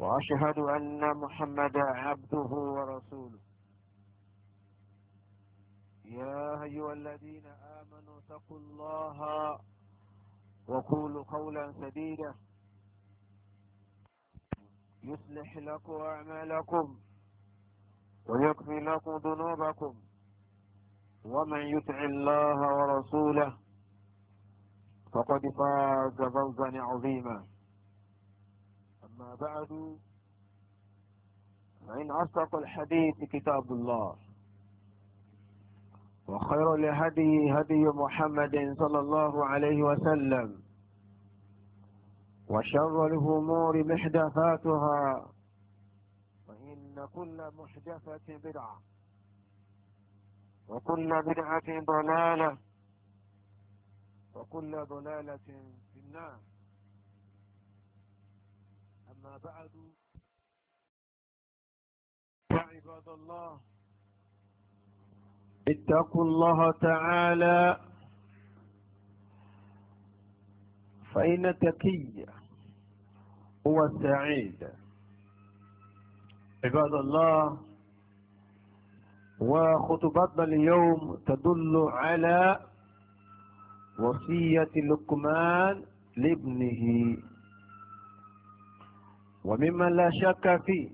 وأشهد أن محمدا عبده ورسوله يا أيها الذين آمنوا اتقوا الله وقولوا قولا سديدا يصلح لكم أعمالكم ويكفي لكم ذنوبكم ومن يطع الله ورسوله فقد فاز فوزا عظيما أما بعد فإن أصدق الحديث كتاب الله وخير لهدي هدي محمد صلى الله عليه وسلم وشر الأمور محدثاتها فإن كل محدثة بدعة وكل بدعة ضلالة وكل ضلالة في النار أما بعد يا عباد الله اتقوا الله تعالى فإن تكي هو السعيد عباد الله وخطبتنا اليوم تدل على وصية لقمان لابنه ومما لا شك فيه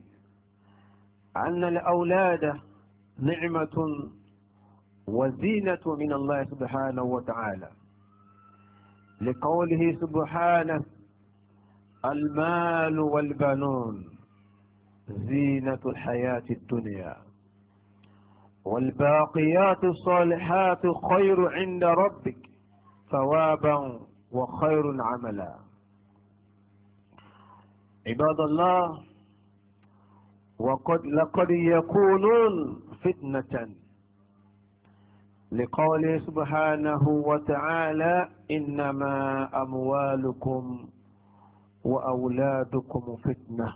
أن الأولاد نعمة وزينة من الله سبحانه وتعالى لقوله سبحانه المال والبنون زينة الحياة الدنيا والباقيات الصالحات خير عند ربك ثوابا وخير عملا عباد الله وقد لقد يكونون فتنة لقوله سبحانه وتعالى إنما أموالكم وأولادكم فتنة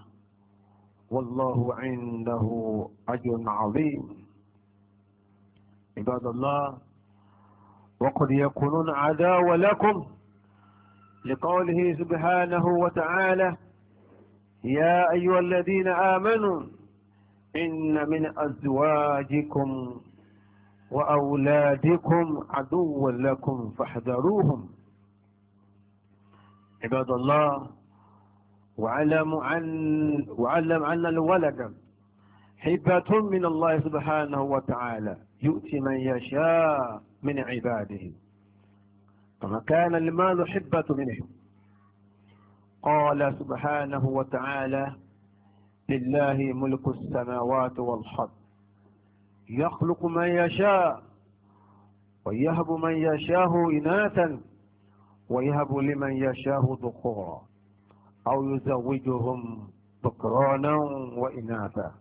والله عنده أجر عظيم عباد الله وقد يكونون عداوة لكم لقوله سبحانه وتعالى يا أيها الذين آمنوا إن من أزواجكم وأولادكم عدوا لكم فاحذروهم عباد الله وعلم عن وعلم أن الولد حبة من الله سبحانه وتعالى يؤتي من يشاء من عباده فما كان المال حبة منهم قال سبحانه وتعالى لله ملك السماوات والحق يخلق من يشاء ويهب من يشاء إناثا ويهب لمن يشاء ذكورا أو يزوجهم ذكرانا وإناثا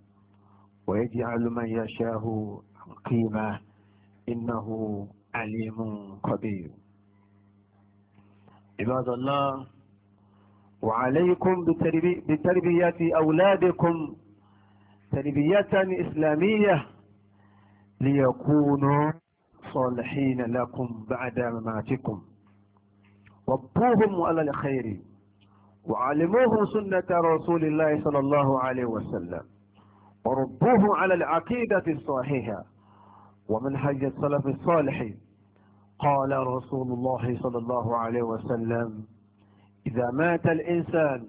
ويجعل من يشاء قيما إنه عليم قدير عباد الله وعليكم بتربية أولادكم تربية إسلامية ليكونوا صالحين لكم بعد مماتكم وابوهم على الخير وعلموهم سنة رسول الله صلى الله عليه وسلم وربوهم على العقيدة الصحيحة ومنهج السلف الصالح قال رسول الله صلى الله عليه وسلم إذا مات الإنسان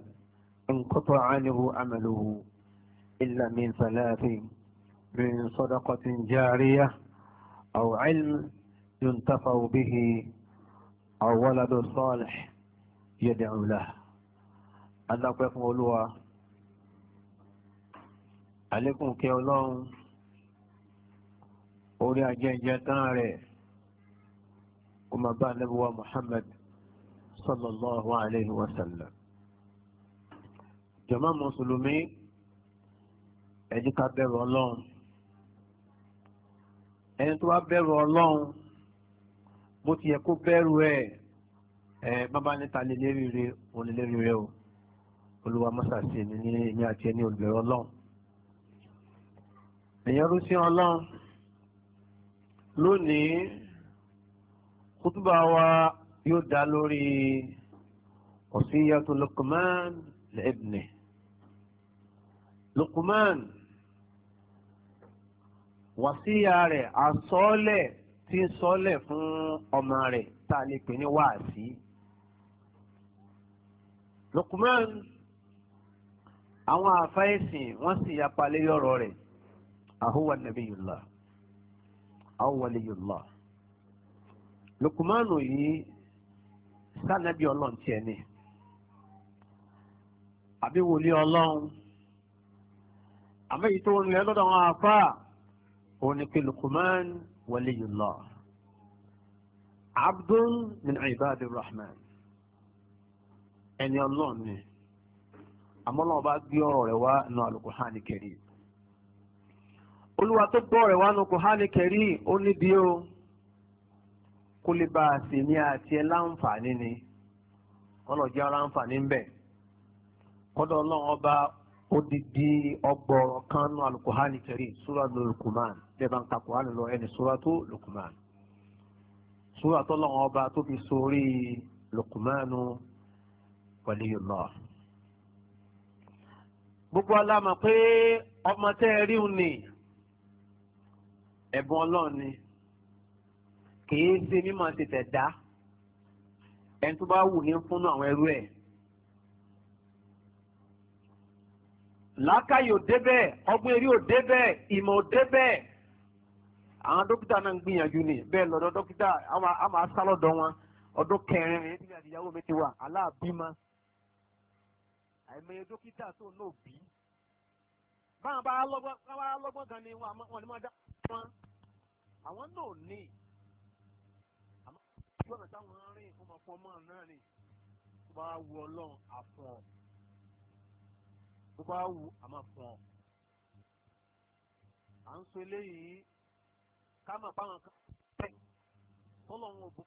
انقطع عنه عمله إلا من ثلاث من صدقة جارية أو علم ينتفع به أو ولد صالح يدعو له adápẹ́ fún olúwa àlékún kẹ́ ọlọ́run orí ajẹ́jẹ́ tán rẹ̀ kó máa bá صلى الله عليه وسلم. jàmá mùsùlùmí ẹ jẹ́ ká bẹ̀rù ọlọ́run ẹni tó bá bẹ̀rù ọlọ́run bó ti yẹ kó bẹ̀rù ẹ̀ ẹ̀ bábá níta lè lérí rẹ̀ òun lè lérí rẹ̀ o olúwa mọ́sàsì ni ní èmi àti ẹni olùbẹ̀rù ọlọ́run èèyàn ló sí ọlọ́run lónìí kútúbà wa yóò dá lórí wasiyatu Luqman li ibnihi Luqman wàsíyà rẹ̀ àsọ́ọ́lẹ̀ tí ń sọ́ọ́lẹ̀ fún ọmọ rẹ̀ tá a lè pè ní wáàsí. Luqman àwọn àfáìsìn wọ́n sì yapa lé ọ̀rọ̀ rẹ̀ àhúwà nabiyullah àhúwà liyullah Luqmanu yìí. sànàbí ọlọ́run tiẹ̀ ni àbí wòlíì ọlọ́run àmọ́ èyí tó ń lẹ lọ́dọ̀ àwọn afá òun ni pé abdul min rahman ẹni ọlọ́run ni àmọ́ náà bá gbé ọ̀rọ̀ rẹ̀ wá nù al-Qur'an al tó gbọ́ ọ̀rọ̀ nù kó lè bá a sì ní àti ẹ láǹfààní ni ọlọ́jà láǹfààní ń bẹ kọ́dọ̀ ọlọ́run ọba odidi ọgbọ̀rọ̀ kan nù alukuhani kẹrì sura lu lukuman bẹ́ẹ̀ bá ń ka kuhani lọ ẹni sura tó lukuman sura tó lọ́run ọba tó fi sórí lukumanu waliyullah. gbogbo aláma pé ọmọ tẹ́ ẹ ríun ni ẹ̀bùn ọlọ́run ni. kìí ṣe mímọ̀ ti tẹ̀dá ẹni tó bá wù ní fúnnú àwọn ẹrú ẹ̀. làákàyè débẹ̀ ọgbọ́n eré ìmọ̀ àwọn dókítà náà ń gbìyànjú ni bẹ́ẹ̀ lọ́dọ̀ dókítà a máa sá lọ́dọ̀ wọn ọdún kẹrin ẹni tí mi ti wà aláàbímọ àìmọye dókítà tó ń lò bí báwọn bá lọ́gbọ́n kan ni wọ́n ojú ọ̀nà táwọn rìn fún ọmọ fún ọmọ náà ni tó bá wù ọlọ́run àfọ̀n tó bá wù àmàfọ̀n à ń sọ eléyìí ká mọ̀ báwọn kan tẹ̀ tọ́lọ́run òbò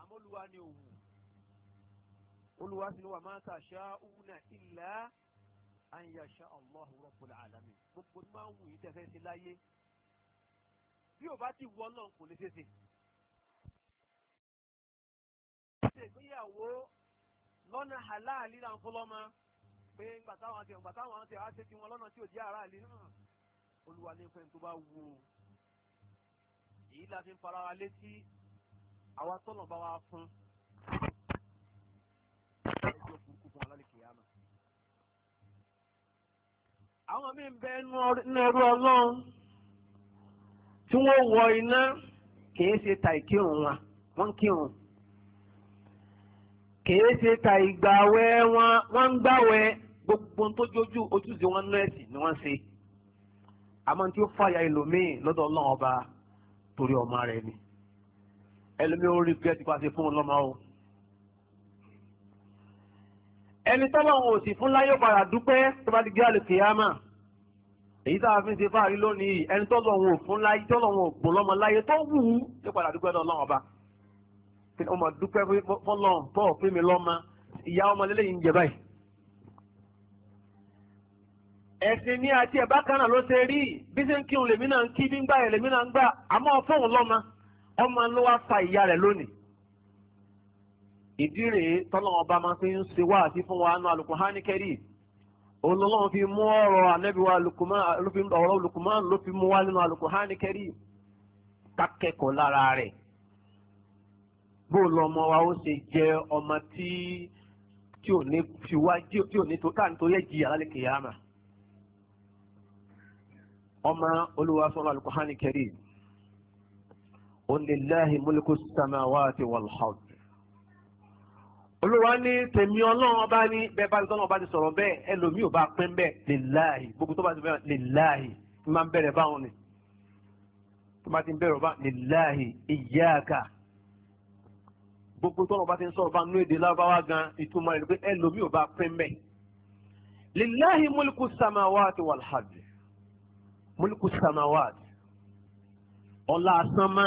àmọ́ olúwa ni òwú olúwa sì ni wà máa ta ṣáá òwú náà ìlà an yasha Allahu rabbul alamin gbogbo tó máa ń wù yín tẹ́fẹ́ sí láyé bí ò bá ti wọ náà kò lè ṣeéṣe. ṣe ìgbéyàwó lọ́nà halali là ń fọ́ lọ́mọ pé ìgbà táwọn àti ìgbà táwọn àti àwọn àti tiwọn lọ́nà tí ò jẹ́ aráàlú náà olúwa fẹ́ tó bá wù ú. èyí la fi ń fara wa létí àwa tọ́nà bá wa fún. ẹjọ́ burúkú fún alálẹ̀ kìí àwọn míì ń bẹ nínú ẹrú ọlọ́run tí wọ́n wọ iná kìí ṣe ta ìkírun wọn wọ́n ń kírun kìí ṣe ta ìgbàwẹ̀ wọn wọ́n ń gbàwẹ̀ gbogbo tó jójú ojúṣe wọn nú ni wọ́n ṣe àmọ́ tí ó fàyà ẹlòmíì lọdọ ọlọ́run ọba torí ọmọ rẹ ni ẹlòmíì ó rí gẹ́gẹ́ tí ti ṣe fún ọlọ́mọ o. ẹni tọ́lọ́run ò sì fún láyé padà dúpẹ́ tó bá ti gé àlùkè yámà èyí a fi ń ṣe fáàrí lónìí ẹni ò fún láyé ò gbọ́n lọ́mọ láyé tó wù ú padà dúpẹ́ lọ́wọ́ ọba ọmọ dúpẹ́ tó mi lọ́mọ ìyá ọmọ ń jẹ lèmi náà ń kí bí ń ìdí rèé tọ́lọ́wọ́n bá máa fi ń ṣe wá àti fún wa nù Al-Qur'ani Karim òun lọ́wọ́n fi mú ọ̀rọ̀ anẹ́bíwá ọ̀rọ̀ Luqman ló fi mú wá nínú Al-Qur'ani Karim kákẹ́kọ̀ọ́ lára rẹ̀ bó lọmọ wa ó ṣe jẹ ọmọ tí tí ò ní tó ká nítorí ẹ̀ jìyà lálẹ́ ọmọ olúwa sọ́nà Al-Qur'ani Karim ó ní lillahi mulku olúwa ní tèmi ọlọ́run ọba ní bẹ́ẹ̀ bá ti tọ́lọ́run ọba ti sọ̀rọ̀ bẹ́ẹ̀ ẹlòmíì ò bá pẹ́ ń bẹ́ẹ̀ lèláàhì gbogbo tó bá ti bẹ́ẹ̀ lèláàhì ń máa ń bẹ̀rẹ̀ báwọn ni tó bá ti ń bẹ̀rẹ̀ ọba lèláàhì ìyáàkà gbogbo tọ́lọ́run ọba ti ń sọ̀rọ̀ bá nú èdè lábáwá gan ìtumọ̀ rẹ̀ pé ẹlòmíì ò bá pẹ́ bẹ́ẹ̀ lèláàhì múlùkù múlùkù sàmáwáàtì ọlá asánmà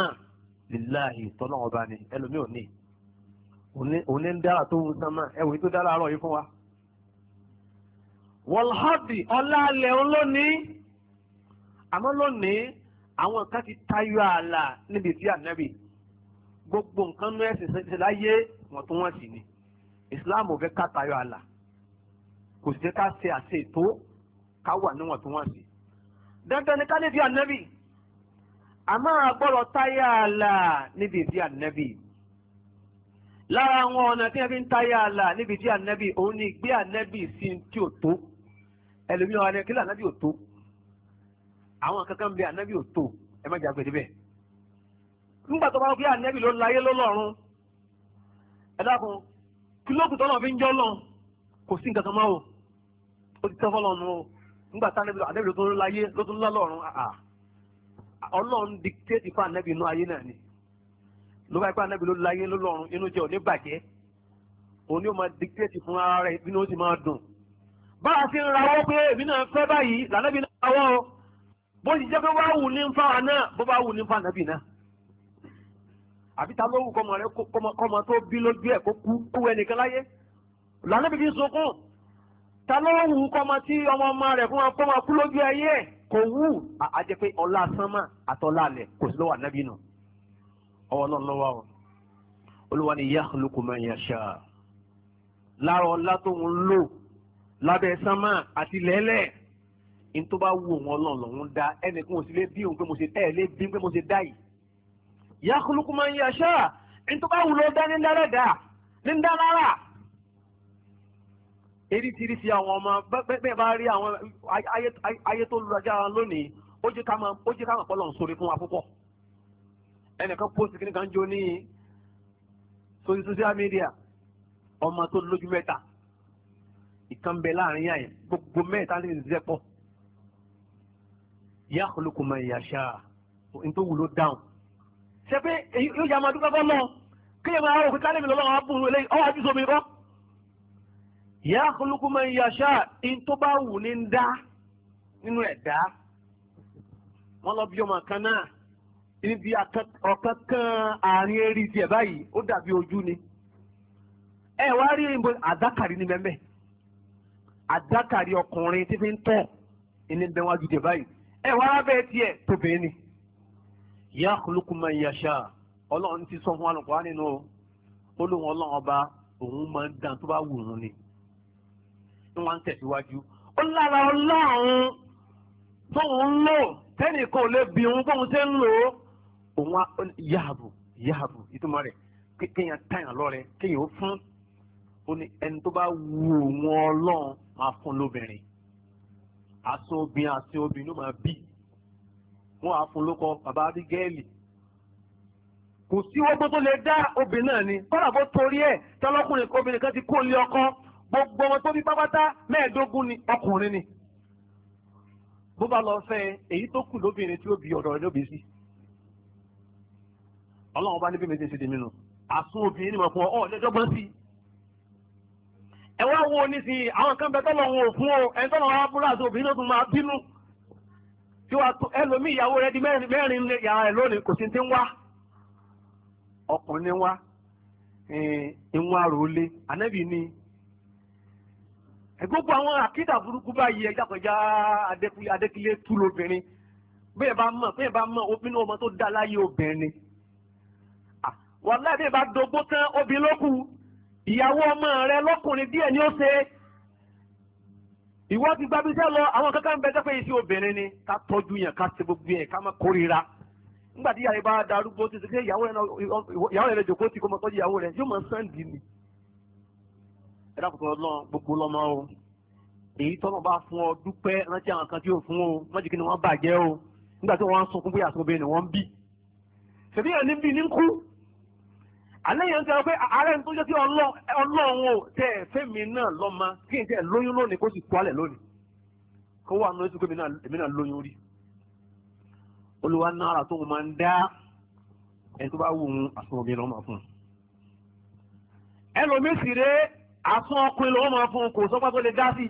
òní ń dára tó ń sánmà ẹwì tó dára àárọ̀ yìí fún wa. wọ́lhádì ọlá alẹ́ olónìí àmọ́ lónìí àwọn nǹkan ti tayọ ààlà níbi tí ànábì gbogbo nǹkan nú ẹ̀sìn ṣe láyé wọ́n tó wọ́n sì ni ìsìláàmù ò fẹ́ ká tayọ ààlà kò sì jẹ́ ká ṣe àṣe ètò ká wà níwọ̀n tó wọ́n sì. dandan ni ká níbi ànábì àmọ́ àgbọ̀rọ̀ tayọ ààlà níbi tí ànábì. lára àwọn ọ̀nà tí wọ́n fi ń táyà àlà níbi tí ànábì òun ní gbé ànábì sí tí ò tó ẹlòmíràn wa ni kí lànábì ò tó àwọn kankan ò tó ẹ má jàgbé níbẹ̀. nígbà tó bá wọ́n ló láyé lọ́lọ́run ẹ dákun kí fi ń jọ́ kò sí nǹkan kan máa ló bá yẹ pé anábì ló láyé ló lọ́run inú jẹ́ òní bàjẹ́ òní ó máa dictate fún ara rẹ̀ bí ní ó sì máa dùn. bá a ti ń rawọ́ pé èmi náà fẹ́ báyìí lànàbì náà rawọ́ o bó ti jẹ́ pé wá wù ní nfa wa náà bó bá wù ní nfa nàbì náà. àbí ta ló wù kọ́mọ rẹ kọ́mọ tó bí lójú ẹ̀ kó kú kú ẹnìkan láyé lànàbì ti sunkún ta ló wù kọ́mọ tí ọmọ ọmọ rẹ̀ fún wa kọ́mọ kú lójú ẹyẹ kò wù àjẹpẹ́ ọlá sánmà àtọ́lá alẹ̀ kò sí lọ́wọ́ ànábì náà ọwọ́ náà lọ́wọ́ àwọn olúwa ni yakhluqu ma yasha lára ọlá tó ń lò lábẹ́ sánmà àti lẹ́lẹ̀ ní tó bá wù wọn lọ́n lọ́n da ẹnì kan ò sí lé bí òun pé mo ṣe ẹ̀ lé bí pé mo ṣe dá yìí yakhluqu ma yasha ní tó bá wù lọ́ dá ní dáradà ní dáradà àwọn ọmọ bẹ́ẹ̀ bá rí àwọn ayé tó lu ajá lónìí ó jẹ́ ká máa pọ́ lọ́n sórí fún wa púpọ̀ ẹnìkan pósìtì kí nìkan jó ní sórí social media ọmọ tó lójú mẹ́ta ìkan bẹ láàrin yàyẹn gbogbo mẹ́ta ní ìzẹ́pọ̀ yakhluqu man yasha nítorí wúlò dáhùn. ṣé pé èyí yóò yà máa dúpẹ́ bọ́ lọ kéèyàn máa rò pé kálẹ̀ mi lọ́wọ́ àwọn abúlé lẹ́yìn ọwọ́ àjùsọ mi kọ́. yakhluqu man yasha ní tó bá wù ní ń dá nínú ẹ̀dá wọ́n lọ bí ọmọ kan náà níbi ọ̀kan kan àárín eré tiẹ̀ báyìí ó dàbí ojú ni ẹ wá rí ìbò àdákàrí ní mẹ́mẹ́ àdákàrí ọkùnrin tí fi ń tọ̀ ẹni bẹ́ẹ̀ wájú tiẹ̀ báyìí ẹ wá bẹ́ẹ̀ tiẹ̀ tóbi ni yakhluqu man yasha ọlọ́run ti sọ fún alùpùpù nínú olóhùn ọlọ́run ọba òun máa ń dán tó bá wù ú ni wọ́n ń tẹ̀síwájú ó lára ọlọ́run tóun ń lò tẹ́nìkan ò lè bí òun bóun ṣe ń lò ó òun yahabu yahabu ìtumọ̀ rẹ̀ kéèyàn táyàn lọ́rẹ̀ kéèyàn ó fún ó ní ẹni tó bá wu òun ọlọ́run máa fún lóbìnrin aṣọ obìnrin aṣọ obìnrin ló máa bí wọn á fún lóko bàbá abigail kò sí ọgbọ́n tó lè dá obìnrin náà ni kọ́nà bó torí ẹ̀ tọ́lọ́kùnrin obìnrin kan ti kó lé ọkọ gbogbo ọmọ tó bí pápátá mẹ́ẹ̀ẹ́dógún ni ọkùnrin ni bó bá lọ fẹ́ èyí tó kù lóbìnrin tí ó bí ọ̀dọ̀ rẹ̀ lóbi sí ọlọ́run bá ní bí méjèèjì di nínú àsun obìnrin ni mo fún ọ ọ lẹ́jọ́gbọ́n sí i. ẹ wá wo nísìnyí àwọn kan bẹ tọ́lọ̀ wọn ò fún o ẹni tọ́lọ̀ wọn abúlé àti obìnrin ló tún máa bínú. tí wàá tó ẹlòmíì ìyàwó rẹ di mẹ́rin yàrá ẹ lónìí kò sí ti ń wá. ọkùnrin wa ìwọ̀n àròlé ànábì ni gbogbo àwọn àkídà burúkú báyìí ẹjákọjá adékúlé tú lóbìnrin bẹ́ẹ̀ bá mọ̀ bẹ́ẹ̀ bá mọ̀ obìnrin ọmọ tó dá láyé obìnrin wàláhì bí bá dogbó tán obì lókù ìyàwó ọmọ rẹ lọ́kùnrin díẹ̀ ni ó ṣe ìwọ ti gbabi iṣẹ́ lọ àwọn kankan ń bẹ jẹ́ pé iṣẹ́ obìnrin ni ká tọ́jú yẹn ká ṣe gbogbo yẹn ká má kórira nígbà tí ìyàwó bá darúgbó ti ṣe pé ìyàwó rẹ jòkó ti kó mọ tọ́jú ìyàwó rẹ yóò mọ sànńdì ni ẹ dákòtò ọlọ́run gbogbo lọ́mọ o èyí tọ́nà bá fún ọ dúpẹ́ rántí àwọn kan tí ò fún o mọ́jú kí ni wọ́n bàjẹ́ o nígbà tí wọ́n sunkún bóyá àsọ̀bẹ ni wọ́n ń bì ṣèbí ẹ̀ ní àléyàn ń tẹ́ ọ pé ààrẹ tó jẹ́ kí ọlọ́run ò tẹ́ ẹ fẹ́mi náà lọ́mọ kí n tẹ́ ẹ lóyún lónìí kó sì tó alẹ̀ lónìí kó wà nínú ètò èmi náà lóyún rí olùwà náírà tó máa ń dá ẹni tó bá wù ú àsun obìnrin lọ́mọ fún un ẹlòmíì sì ré àsun ọkùnrin lọ́mọ fún un kò sọ́pá tó lè dá sí i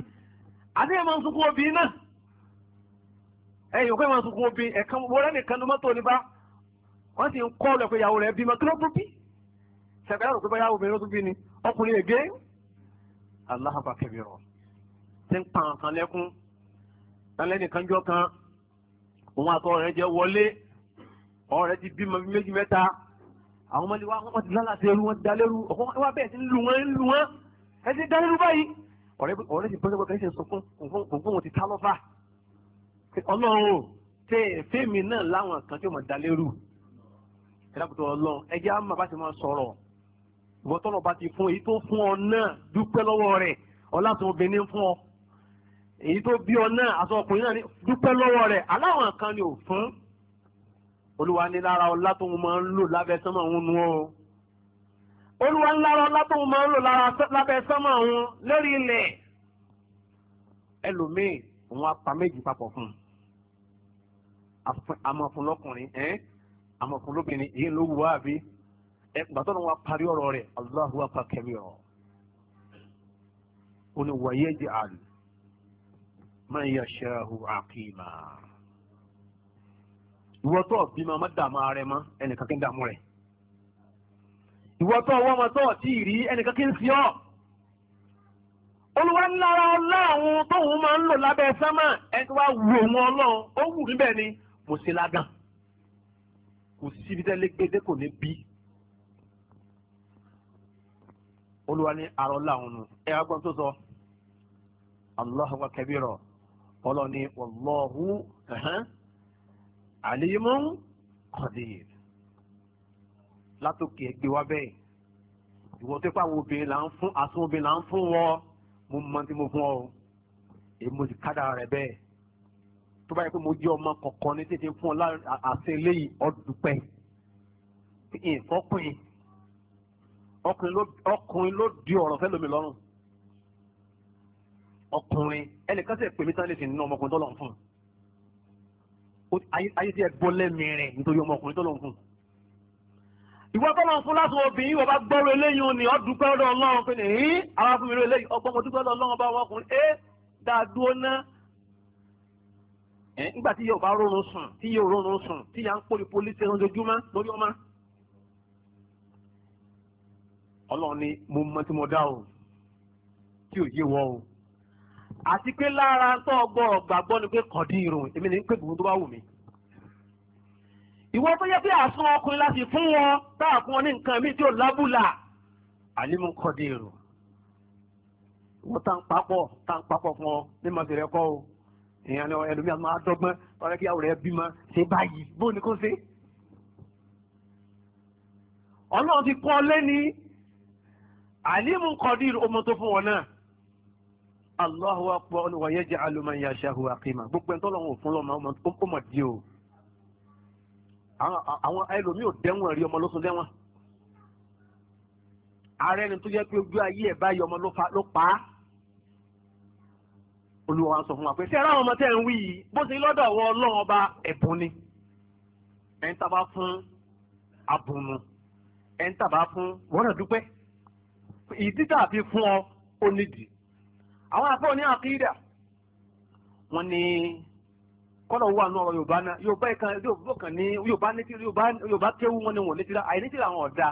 àti ẹ̀ máa ń sunkún obìnrin náà ẹ̀yìn òkú ẹ̀ máa ń sunkún obìnrin ẹ̀ka wọlé nìkan ló mọ́tò nípa wọ́n sì ń kọ́ ọ lẹ́kọ̀ọ́ ìyàwó rẹ̀ bímọ kí ló dún ṣẹ̀fẹ̀ láti bóyá obìnrin tó bí ni ọkùnrin ègé aláhàbà kẹbìrọ̀ ti ń pa nǹkan lẹ́kún lálẹ́nìkan jọ kan òun àtọ rẹ̀ jẹ́ wọlé ọ̀rẹ́ ti bímọ bí méjì mẹ́ta àwọn ọmọdé wa wọ́n ti lálàsẹ̀ ẹrú wọ́n ti dalẹ́rú ọ̀kan wá bẹ́ẹ̀ ti ń lu wọn ń lu wọn ẹ ti dalẹ́rú báyìí ọ̀rẹ́ ti bọ́sẹ̀ kọ́kẹ́ ṣe sọkún òfún òun ti ta lọ́fà ọlọ́run o tẹ fẹ́mi náà láwọn kan tí ó mọ̀ dalẹ́rú ẹ̀dá kùtù ọlọ́run ẹ jẹ́ àmọ́ bá ti máa sọ̀rọ̀ ìwọ tọ́lọ̀ bá ti fún èyí tó fún ọ náà dúpẹ́ lọ́wọ́ rẹ̀ ọlásùn obìnrin fún ọ èyí tó bí ọ náà aṣọ ọkùnrin náà ní dúpẹ́ lọ́wọ́ rẹ̀ aláwọn kan ni ò fún olúwa ní lára ọlá tó ń máa ń lò lábẹ́ sánmà òun nu ọ olúwa ní lára ọlá tó ń máa ń lò lábẹ́ sánmà òun lórí ilẹ̀ ẹlòmíì òun apá méjì papọ̀ fún un àmọ̀fún lọ́kùnrin àmọ̀fún lóbìnrin èyí ló wù wá àbí ẹ gbàtọ́ ni wọ́n parí ọ̀rọ̀ rẹ̀ Allahu akbar kẹ́mi ọ̀ ó ní wàyé jẹ́ àlù máa yà ṣẹ́hu àkìmà ìwọ́tọ̀ bímọ má dààmú ara rẹ̀ mọ́ ẹnìkan kí ń dààmú rẹ̀ ìwọ́tọ̀ wọ́n mọ́ tọ́ tí ì rí ẹnìkan kí ń fi ọ́ olùwà ńlára ọlọ́run tóun máa ń lò lábẹ́ sánmà ẹni tó wá wù òun ọlọ́run ó wù níbẹ̀ ni mo ṣe lágàn kò síbi tẹ́lẹ̀ gbédé kò ní bí olúwa ní arọ láwọn nù ẹ agbọ́n tó sọ Allahu wa kabira ọlọ́ni wallahu alimun qadir látòkè ẹgbẹ́ wa bẹ́ẹ̀ ìwọ tó pàwọn obìnrin là ń fún àsun obìnrin là ń fún wọn mo mọ tí mo fún ọ èyí mo sì kádà rẹ bẹ́ẹ̀ tó bá pé mo jẹ́ ọmọ kọ̀ọ̀kan ní tètè fún ọ láti àṣẹ eléyìí ọdún pẹ́ ìfọ́pin ọkùnrin ló di ọ̀rọ̀ fẹ́ lómi lọ́rùn ọkùnrin ẹnìkan sì pèmí tán lè fi nínú ọmọkùnrin tó lọ́n fún un ayé tí ẹ gbọ́ lẹ́mìírin nítorí ọmọkùnrin tó lọ́n fún un. ìwọ tó lọ́n fún láti obìnrin ìwọ bá gbọ́rọ̀ eléyìí ni ọ dúpẹ́ ọ̀dọ̀ ọlọ́run pé ní hí àwọn afúnmi rẹ lẹ́yìn ọgbọ́n mo dúpẹ́ ọ̀dọ̀ ọlọ́run bá ọkùnrin ẹ dáadúró ná. nígbà tí yóò ọlọ́run ni mo mọ tí mo dá o tí ò yé wọ o àti pé lára tó gbọ́rọ̀ gbàgbọ́ ni pé kọ̀dí irun èmi ní pé gbogbo tó bá wù mí. ìwọ tó yẹ pé àsun ọkùnrin láti fún wọn tá a fún wọn ní nǹkan mi tí ò lábùlà àlímú kọ̀dí irun. wọ́n tá ń papọ̀ tá ń papọ̀ fún ọ ní màá fèrè kọ́ o èèyàn ni ẹlòmí àmọ́ adọ́gbọ́n tọ́lá kí àwòrán bímọ ṣe báyìí bó ni kò ṣe. ọlọ́run ti kọ́ lẹ́ni alimu qadir ọmọ tó fún wọn náà Allahu akbar wa yaj'alu man yasha'u aqima gbogbo ẹni tọ́lọ́ wọn ò fún lọ́mọ ọmọ di o àwọn ẹlòmíì ò dẹ́wọ̀n rí ọmọ ló tún dẹ́wọ̀n ààrẹ ni tó yẹ pé ojú ayé ẹ̀ báyìí ọmọ ló pa á olùwà sọ fún wa pé sí ọmọ tẹ́ ń wí yìí bó ti lọ́dọ̀ wọ ọlọ́run ọba ẹ̀bùn ni ẹ̀ ń tàbá fún abùnú ẹ̀ ń tàbá fún wọ́n náà dúpẹ́ ìdídà fi fún ọ ó nídìí àwọn afọ ní àkídà wọn ni kọ́lọ̀ wà nù ọ̀rọ̀ yorùbá náà yorùbá kan yorùbá kan ní yorùbá létí yorùbá kéwú wọn ni wọn létí láà àìlétí làwọn ọ̀dà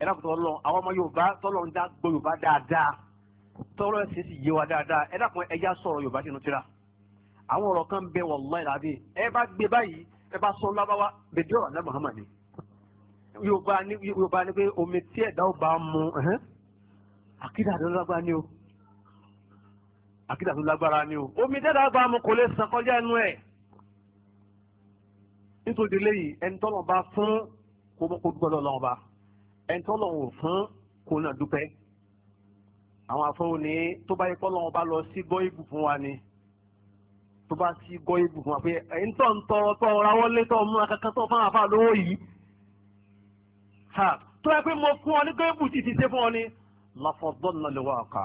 ẹ dákun tọ́ lọ àwọn ọmọ yorùbá tọ́lọ̀ ń dá gbọ́ yorùbá dáadáa tọ́lọ̀ ẹ̀sìn sì yé wa dáadáa ẹ dákun ẹja sọ̀rọ̀ yorùbá sínú tíra àwọn ọ̀rọ̀ kan bẹ wọ̀lọ́ ìlàbí ẹ bá gbé báyìí ẹ bá sọ lábáwá bèdè ọ̀rọ̀ àná muhammad ni yorùbá ni yorùbá ni pé omi tí ẹ̀dá ò bá mu àkídà tó lágbára ni o àkídà tó lágbára ni o omi tí ẹ̀dá ò bá mu kò lè sàn kọjá ẹnu ẹ̀ nítorí léyìí ẹni tọ́lọ̀ bá fún kó mọ́ kó dúpẹ́ lọ́wọ́ lọ́wọ́ bá ẹni tọ́lọ̀ ò fún kó náà dúpẹ́ àwọn afọ́wò ní tó bá yẹ kọ́ lọ́wọ́ bá lọ sí gbọ́ ibù fún wa ni tó bá sí gbọ́ ibù fún wa pé ẹni tọ́ ń tọrọ tọ́ rawọ́ lé tọ́ mú akẹ́kọ̀ọ́ fún àwọn afáà lówó yìí ha tó yẹ pé mo fún ọ ní pé bùtì ti ṣe fún ọ ní lafọdọ́nà lè wà ká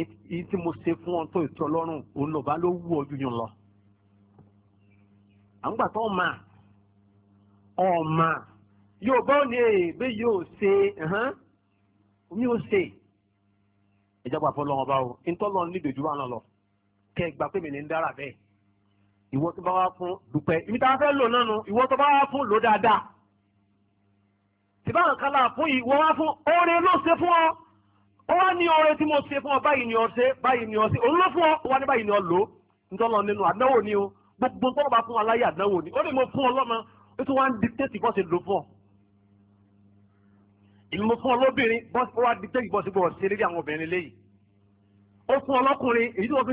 èyí tí mo ṣe fún ọ tó ìtọ́ ọlọ́run òun lọ́ba ló wú ọ yúyún lọ. à ń gbà tó ọmọ ọmọ yóò bá òní èébé yóò ṣe mi ò ṣe ìjọba àfọlọ́wọ́n bá o ntọ́lọ́ nídòjú wa náà lọ kẹ́ ẹ gbà pé mi ní ń dára bẹ́ẹ̀ ìwọ tó bá wá fún dúpẹ́ ibi tá a fẹ́ lò náà ìwọ tó bá wá fún lò dáadáa. tìbá nǹkan láà fún yìí wọ́n wá fún oore ló ṣe fún ọ ó wá ní oore tí mo ṣe fún ọ báyìí ni ọ ṣe ni ọ ṣe òun ló fún ọ wá ní báyìí ni ọ o gbogbo bá fún ni ó mo fún ọ lọ́mọ ó tún wá ń dictate bọ́ọ̀sì lò fún ọ ìlú mo fún ọ lóbìnrin bọ́ọ̀sì ó wá dictate bọ́ọ̀sì ṣe àwọn obìnrin léyìí ọ lọ́kùnrin èyí tí wọ́n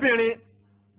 fi ṣe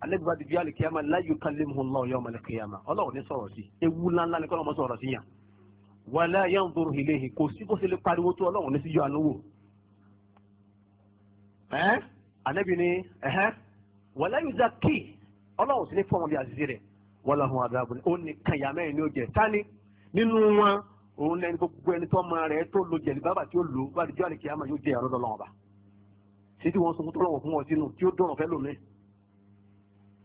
alẹ́gbẹ̀ẹ́ àti bíi alikiyama la yukallimuhu Allahu yawma alikiyama ọlọ́run ní sọ̀rọ̀ sí ewu ńláńlá ni kọ́lọ́mọ sọ̀rọ̀ sí yàn wala yanzuru ilayhi kò sí kó sele pariwo tó ọlọ́run ní sí yọ ànúwò ẹ́ anabi ni ẹ̀hẹ́ wala yuzakki ọlọ́run sì ní fún wọn bí àṣìṣe rẹ̀ walahum adhabun ó ní kàyàmẹ́rin ní ó jẹ tani nínú wọn òun lẹni gbogbo ẹni tó máa rẹ tó lo jẹlẹ bàbà tí ó lò bá di yóò jẹ àrọ́dọ̀ lọ́wọ́ bá ṣé tí wọ́n sunkún tó lọ́wọ́ fún wọn sínú tí ó dọ̀rọ̀ fẹ́ lómi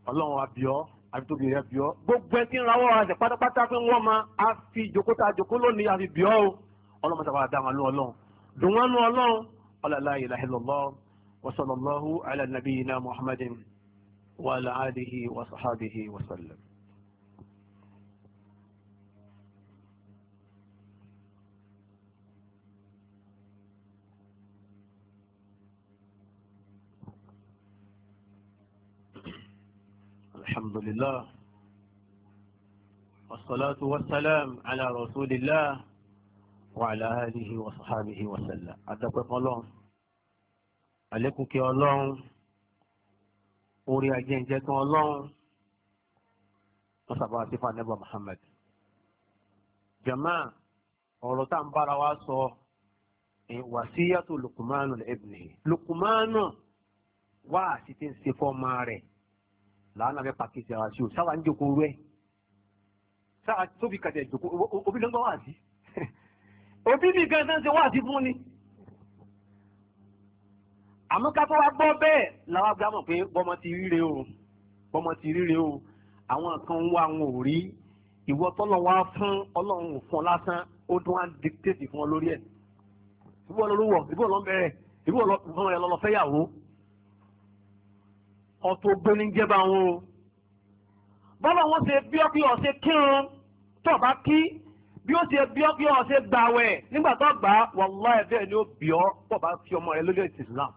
ọlọ́run abiọ́ abitóbi rẹ biọ́ gbogbo ẹtí ńláwọ́ ra ṣe pátápátá pé wọ́n máa a fi jòkóta jòkó lónìí àfi biọ́ o ọlọ́run máa ṣàfàdà wọn lú ọlọ́run dùn wọn lú ọlọ́run ọlọ́lá ìlàhílọ́lọ́ wasallallahu ala nabiyina muhammadin wa ala alihi wa sahabihi الحمد لله والصلاة والسلام على رسول الله وعلى آله وصحابه وسلم أدب الله عليكم كي الله أوري أجين جاكم الله وصبع صفة نبو محمد جماعة ọ̀rọ̀tàn bára wa sọ wàsíyàtò lukumanu ibnihi lukumanu wá àti tí làánà fẹ́ pàkíyèsí ara sí o sáwà ń jòkó rẹ sáwà tóbi kàtẹ́ jòkó òbí ló ń gbọ́ wà sí òbí mi gan sáńsẹ̀ wà sí fún ni àmọ́ ká tó wá gbọ́ bẹ́ẹ̀ làwọn agbá mọ̀ pé bọ́mọ ti ríre o bọ́mọ ti ríre o àwọn kan wá wọn ò rí ìwọ tọ́lọ̀ wá fún ọlọ́run fún lásán ó tún wá dictate fún ọ lórí ẹ̀ ìbúwọ̀ lọ́wọ́ ìbúwọ̀ lọ́ bẹ̀rẹ̀ ìbúwọ̀ lọ́ fẹ́yàwó ọ̀tọ̀ ògbóni jẹba wọn o bọ́lá wọn ṣe bí ọ́ bí ọ́ ṣe kírun tó o bá kí bí ó ṣe bí ọ́ bí ọ́ ṣe gbàwẹ̀ nígbà tó gbà wàllá ẹ̀fẹ́ ni ó bí ọ́ tó o bá fi ọmọ rẹ lórí ẹ̀sìn Islam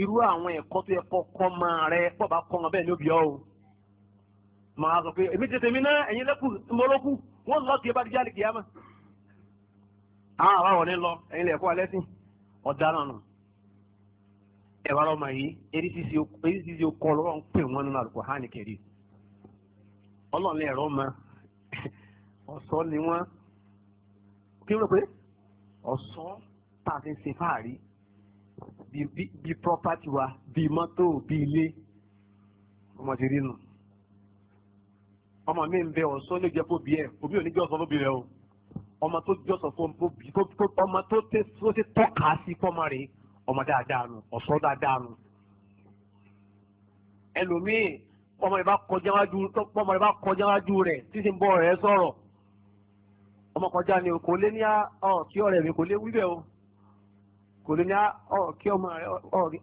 irú àwọn ẹ̀kọ́ tó yẹ kọ́ kọ́ máa rẹ tó o bá kọ́ wọn bẹ́ẹ̀ ni ó bí ọ́ o màá sọ pé èmi tètè mi náà ẹ̀yin lẹ́kù mọ́lọ́kù wọ́n lọ́ọ́ tiẹ̀ bá dijá lè kíyàmá àwọn àwọn ò ní lọ ẹ̀yin lẹ́kọ́ alẹ́ sìn ọ̀daràn náà ẹ̀wà ọmọ yìí eréṣiṣi okọ ọlọ́run pè wọ́n nínú Al-Qur'an kẹrì ọlọ́run ẹ̀rọ ọmọ ọ̀sọ́ ni wọ́n kí ló pé ọ̀sọ́ tá a fi ń ṣe fáàrí bí property wa bí mọ́tò bí ilé ọmọ ti rí nù ọmọ mi ń bẹ ọ̀sọ́ lè jẹ́ fún bí ẹ̀ òbí ò ní jẹ́ ọ̀sọ́ fún bí rẹ o ọmọ tó jọ́sọ̀ fún ọmọ tó tẹ́ tọ́ka sí fọ́mọ rèé ọmọ dáadáa nù ọ̀sọ́ dáadáa nù ẹlòmíì ọmọ ìbá kọjá wájú ọmọ ìbá kọjá wájú rẹ̀ títí ń bọ̀ rẹ̀ sọ̀rọ̀ ọmọ ni kò lé ní ọ kí ọ̀rẹ́ mi kò lé wíbẹ̀ o kò lé ní ọ kí ọmọ rẹ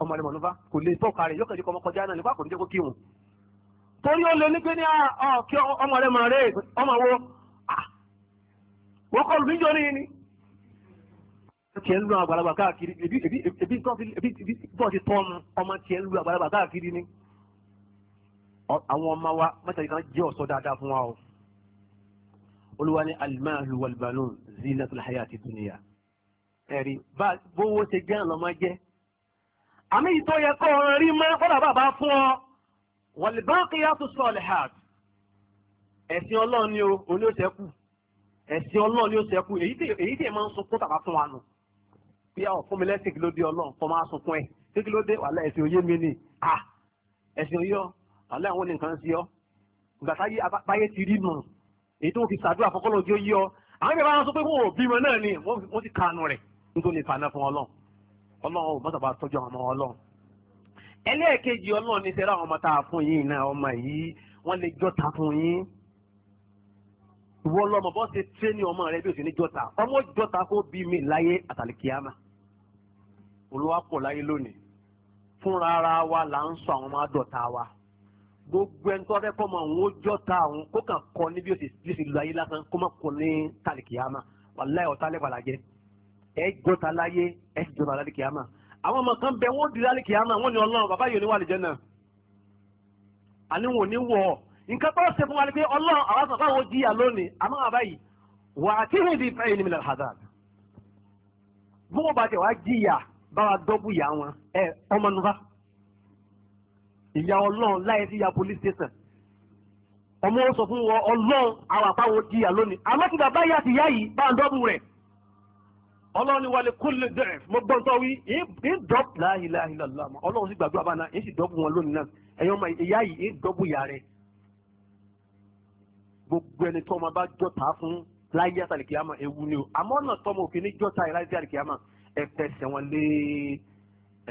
ọmọ rẹ mọ̀nùfà kò lè tọ́ka rẹ̀ yóò kẹ́lẹ́ kọ́ ọmọ kọjá náà nípa kò ní jẹ́ kó kí wọn. torí ó lé ní ní ọ ọmọ rẹ mọ̀ rẹ ọmọ wo wọ́n ah! kọ́ lù níjọ́ ní tiẹ̀ ń lu àgbàlagbà káàkiri ebi ebi ebi ebi bọ́ọ̀ ti tọ́nu ọmọ tiẹ̀ ń lu àgbàlagbà káàkiri ni. àwọn ọmọ wa mẹ́tàlí kan jẹ́ ọ̀ṣọ́ dáadáa fún wa o. olúwa ní alimahlu walbanun zinatul hayati dunya. ẹ̀rí bá gbowó ṣe gán lọ́mọ jẹ́. àmì ìtọ́ yẹ kọ́ ọ rí mọ́ kọ́dà bàbá fún ọ. walbaqiyatu salihat. ẹ̀sìn ọlọ́run ni ó ṣẹ́kù ẹ̀sìn ọlọ́run ni ó ṣẹ́kù èyí tẹ̀ máa ń sọ kó tàbá fún wa nù pé àwọn fún mi lẹ́sìn kí ló dé ọlọ́run fún máa sunkún ẹ̀ pé kí ló dé wàhálà ẹ̀sìn òye mi ni à ẹ̀sìn òye ọ wàhálà àwọn nìkan sí ọ gbàtàyé abáyé ti rí nù èyí tó ń fi sàdúrà fọkọ́lọ́ ojú yí ọ àwọn ìbẹ̀rẹ̀ wọn sọ pé wọn ò bímọ náà ni wọ́n ti kanu rẹ̀ nítorí ìfànà fún ọlọ́run ọlọ́run ò mọ́tàbà tọ́jú àwọn ọmọ ọlọ́run ẹlẹ́ẹ̀kejì ọlọ́run ní sẹ́rẹ́ àwọn ọmọ tá a fún yín náà ọmọ yìí wọ́n lè jọ́ta fún yín ìwọ ọlọ́mọ bọ́ ṣe tẹ́ ní ọmọ rẹ bí o sì ní jọ́ta ọmọ jọ́ta kó bí mi láyé àtàlìkíyàmá olúwa pọ̀ láyé lónìí wa là ń sọ àwọn ọmọ wa gbogbo ẹni tó fẹ́ kọ́ mọ òun ó jọ́ta kó kàn kọ́ ní bí ó ti lu ayé lásán kó má kọ́ ní tàlìkìyàmà wàláyé ọ̀tá ẹ láyé ẹ sì jọba lálìkìyàmà àwọn ọmọ kan bẹ wọn di lálìkìyàmà wọn ni ọlọ́run bàbá yìí ò lìjẹ́ náà àní ní wọ̀ nǹkan tó ṣe fún wa ni pé ọlọ́run àwọn báwa dọ́bù ìyá wọn ẹ ọmọ nufa ìyá ọlọ́run láyé sí ya police station ọmọ sọ fún wọn ọlọ́run àwọn àpáwọn di ìyá lónìí àmọ́ tí bàbá yá ti yá yìí báwa dọ́bù rẹ̀ ọlọ́run ni wàlẹ̀ kó lè dẹ̀ mo gbọ́n tó wí ń dọ́bù láhìláhìlá ọlọ́run sì gbàdúrà bá náà ń sì dọ́bù wọn lónìí náà ẹ̀yọ́ ọmọ ìyá yìí ń dọ́bù rẹ̀ gbogbo ẹni tó ọmọ bá jọ́ta fún láyé àtàlìkìyàmà ewu ni o àmọ́ ọ̀nà tọ́mọ òfin ní jọ́ta ìláyé àtàlìkìyàmà ẹ fẹsẹ̀ wọn lé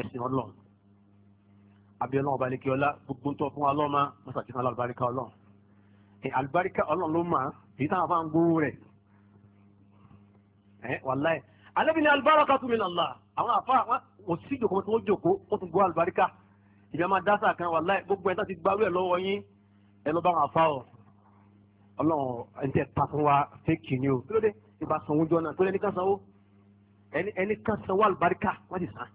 ẹ̀sìn ọlọ́run àbí ọlọ́run ọba lẹ́kẹ́ ọlá gbogbo tó fún wa lọ́mọ mọ́sàkí náà alùbáríkà ọlọ́run alùbáríkà ọlọ́run ló mà èyí táwọn bá ń gbówó rẹ̀ ẹ wàláì alẹ́bí ni alùbáríkà tún mi nàlá àwọn àfa wọn sí ìjòkó tí wọ́n jòkó wọ́n tún gbó alùbáríkà ìbí ọmọ dásà kan wàláì gbogbo ẹ̀ tá ti gbarú lọ́wọ́ yín ẹ lọ́ bá wọn àfa ọ ọlọ́run ẹ̀ ń tẹ́ ta fún wa fake news kí ló dé ìbá sanwó jọ náà tó lẹ́ ẹni ẹni kan san wà lùbáríkà wọ́n ti san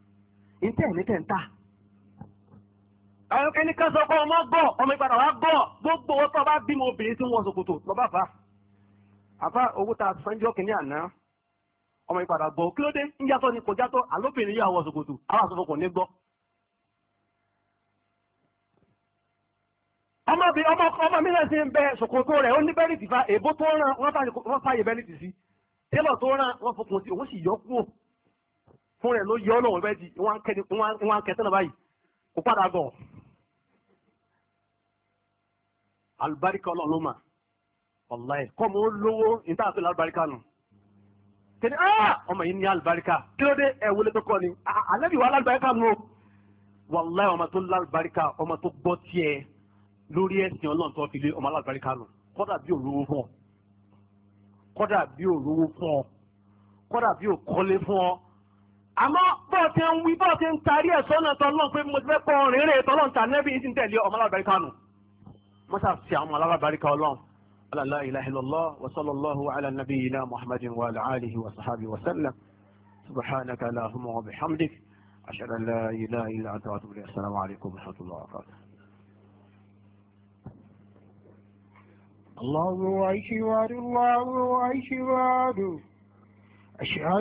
ntẹ́ ẹni tẹ̀ ń ta. àwọn ẹni kan sọ pé ọmọ gọ̀ ọmọ ìgbàdà wa gọ̀ gbogbo owó tó bá bímọ obìnrin tí wọ́n ṣòkòtò lọ́ba àfa àfa owó ta sanjọ́ kìíní àná ọmọ ìpadà gbọ́ kí ló dé ń yàtọ̀ ni kò yàtọ̀ àlóbìnrin yóò wọ ṣòkòtò àwọn àṣọ fọkàn ní gbọ́. ọmọ mi náà ti ń bẹ ṣòkòtò rẹ̀ ó ní bẹ́rìtì fa èbó tó ń ràn wọ́n fàyè bẹ́rìtì sí tẹ́lọ̀ tó rán wọ́n fọkùn sí òun sì yọ kúrò fún rẹ̀ ló yọ ọ́ lọ́wọ́ bẹ́ẹ̀ di wọ́n á kẹtẹ́ náà báyìí kó padà gọ̀ àlùbáríkà ọlọ́ọ̀lọ́mà ọ̀láì kọ́ mo lówó níta àti àlùbáríkà nù kẹ́ni ọmọ yìí ní àlùbáríkà kí ló dé ẹ̀wọlé tó kọ́ ni àlẹ́bí wa àlùbáríkà nù wàláì ọmọ tó lálùbáríkà ọmọ tó gbọ́ tiẹ̀ lórí ẹ̀sìn ọlọ́run tó fi lé ọmọ àlùbáríkà nù kọ́dà bí òun lówó fún ọ kódà bí ò rówó fún ọ kódà bí ò kọ́lé fún ọ àmọ́ bọ́ọ̀ ti ń wí bọ́ọ̀ ti ń tarí ẹ̀ sọ́nà tọ́lọ́n pé mo ti fẹ́ pọ̀ rírè tọ́lọ́n ta nẹ́bí yìí ti ń tẹ̀lé ọmọ alábàríkà nù mọ́sá fi àwọn alábàríkà ọlọ́run alàlá ilàhílọ́lọ́ wasalọ́lọ́hu ala nabiyyina muhammadin wa ala alihi wa sahabi wa sallam subhanaka allahumma wa bihamdik ashhadu an la ilaha illa anta wa atubu ilayk assalamu alaykum wa rahmatullahi wa barakatuh الله أشهد الله أشهد أشهد